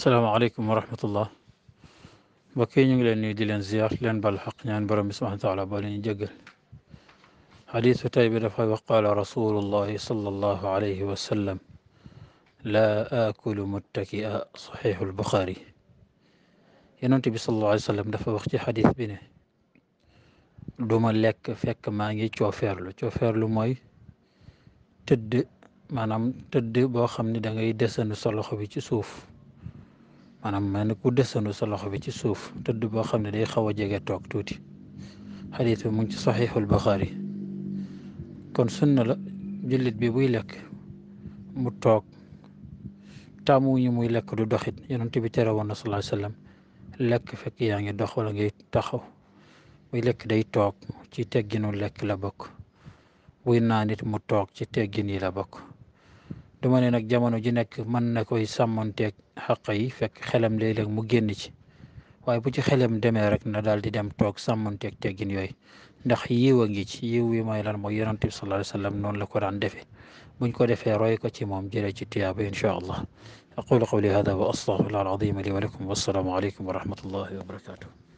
السلام عليكم ورحمة الله بكي نيو لين نيو ديلان زيار لين بالحق نيان برم سبحانه وتعالى بالين جقل حديث تايب دفع وقال رسول الله صلى الله عليه وسلم لا آكل متكئا صحيح البخاري ينونتي صلى الله عليه وسلم دفع وقت حديث بنا دوما لك فيك ما نجي توفير له توفير له موي تد manam tedd boo xam ni da ngay desandu sa loxo maanaam mel ni ku desandu sa loxo bi ci suuf tëdd boo xam ne day xaw a jege toog tuuti xadis bi mu ngi ci saxiixul Buxaari kon sunna la jullit bi buy lekk mu toog taamuñu muy lekk du doxit yonent bi woon na sallallahu alayhi wasallam lekk fekk yaa ngi dox wala ngay taxaw buy lekk day toog ci tegginu lekk la bokk buy naanit mu toog ci teggin yi la bokk dama ne nag jamono ji nekk mën na koy sàmmonteeg xaq yi fekk xelam léeg-léeg mu génn ci waaye bu ci xelam demee rek na daal di dem toog sàmmonteeg teggin yooyu ndax yiw a ngi ci yiw wi mooy lan mooy yonent bi sallallahu alayhi wa sallam noonu la ko daan defee buñ ko defee roy ko ci moom jëlee ci tiyaaba inchaa allah aqulu qawli hada wa astaghfirullah alazim li wa lakum wassalaamu aleykum wa rahmatullahi wa barakatuh